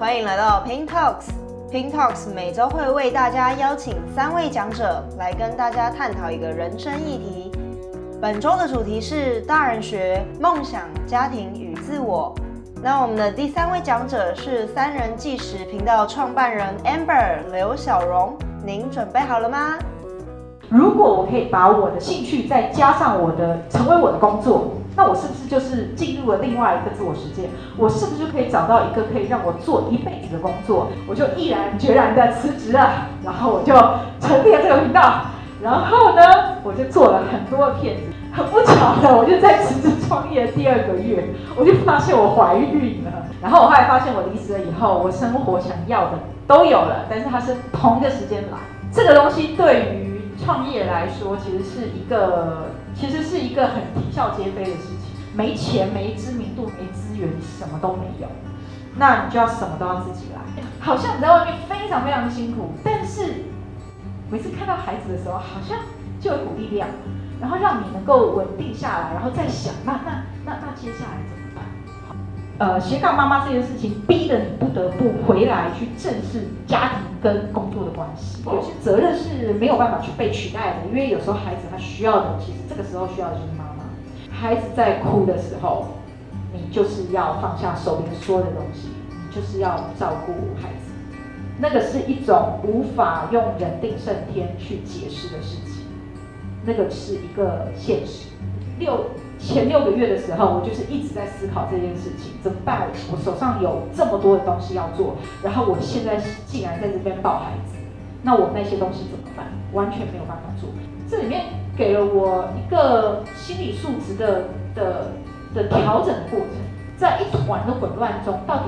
歡迎來到 PinkTalks。PinkTalks 每週會為大家邀請三位講者來跟大家探討一個人生議題。本週的主題是大人學、夢想、家庭與自我。那我們的第三位講者是三人紀實頻道創辦人 Amber 劉曉蓉，您準備好了嗎？如果我可以把我的興趣再加上我的，成為我的工作。那我是不是就是進入了另外一個自我實踐？我是不是就可以找到一個可以讓我做一輩子的工作？我就毅然決然的辭職了，然後我就成立了這個頻道，然後呢，我就做了很多片子。很不巧的，我就在辭職創業的第二個月，我就發現我懷孕了。然後我後來發現我離職了以後，我生活想要的都有了，但是它是同一個時間來。這個東西對於創業來說，其實是一個。其實是一個很啼笑皆非的事情，沒錢、沒知名度、沒資源，什麼都沒有，那你就要什麼都要自己來，好像你在外面非常非常的辛苦，但是每次看到孩子的時候，好像就有一股力量，然後讓你能夠穩定下來，然後再想，那那那那接下來怎麼辦？呃，斜槓媽媽這件事情逼得你不得不回來去正視家庭跟工作的關係，有些責任是沒有辦法去被取代的，因為有時候孩子他需要的，其實這個時候需要的就是媽媽。孩子在哭的時候，你就是要放下手邊所有的東西，你就是要照顧孩子。那個是一種無法用人定勝天去解釋的事情，那個是一個現實。六。前六個月的時候，我就是一直在思考這件事情，怎麼辦？我手上有這麼多的東西要做，然後我現在竟然在這邊抱孩子，那我那些東西怎麼辦？完全沒有辦法做。這裡面給了我一個心理素質的的的調整的過程，在一團的混亂中，到底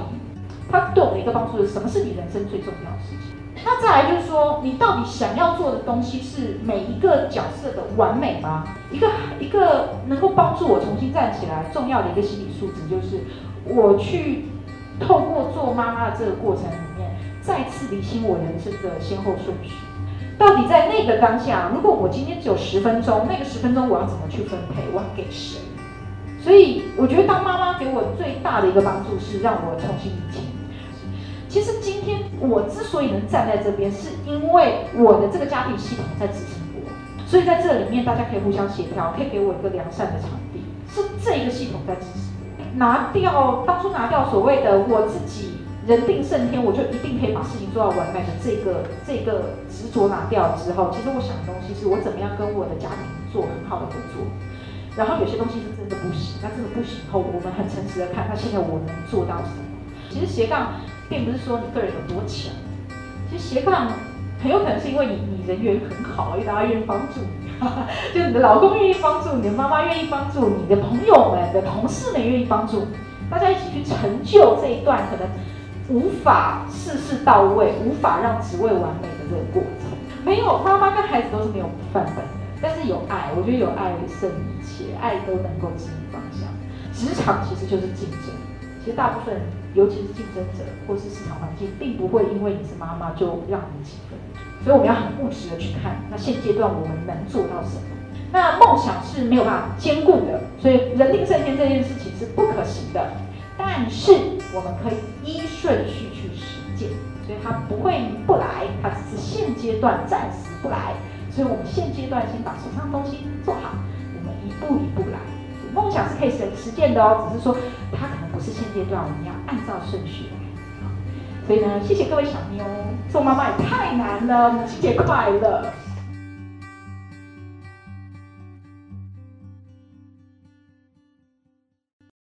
他對我的一個幫助是：什麼是你人生最重要的事情？那再來就是說，你到底想要做的東西是每一個角色的完美嗎？一個一個能夠幫助我重新站起來，重要的一個心理素質就是，我去透過做媽媽的這個過程裡面，再次理清我人生的先後順序。到底在那個當下，如果我今天只有十分鐘，那個十分鐘我要怎麼去分配？我要給誰？所以我覺得當媽媽給我最大的一個幫助是讓我重新理清。其實今天我之所以能站在這邊，是因為我的這個家庭系統在支持我，所以在這裡面大家可以互相協調，可以給我一個良善的場地，是這個系統在支持我。拿掉當初拿掉所謂的我自己人定勝天，我就一定可以把事情做到完美的這個這個執着拿掉之後，其實我想的東西是，我怎麼樣跟我的家庭做很好的合作。然後有些東西是真的不行，那真的不行，後我們很誠實的看，看，那現在我能做到什麼？其實斜槓並不是說你個人有多強，其實斜槓很有可能是因為你你人緣很好，因為大家願意幫助你，哈哈，就是你的老公願意幫助你，你的媽媽願意幫助你，你的朋友們你的同事們願意幫助你，大家一起去成就這一段可能無法事事到位，無法讓職位完美的這個過程。沒有媽媽跟孩子都是沒有範本的，但是有愛，我覺得有愛勝一切，愛都能夠指引方向。職場其實就是競爭。其實大部分，尤其是競爭者或是市場環境，並不會因為你是媽媽就讓你起飛，所以我們要很務實的去看。那現階段我們能做到什麼？那夢想是沒有辦法兼顧的，所以人定勝天這件事情是不可行的。但是我們可以依順序去實踐，所以它不會不來，它只是現階段暫時不來。所以我們現階段先把手上東西做好，我們一步一步來。夢想是可以實實踐的哦、喔，只是說它，不是現階段，我們要按照順序來。所以呢，謝謝各位小妞，做媽媽也太難了，母親節快樂。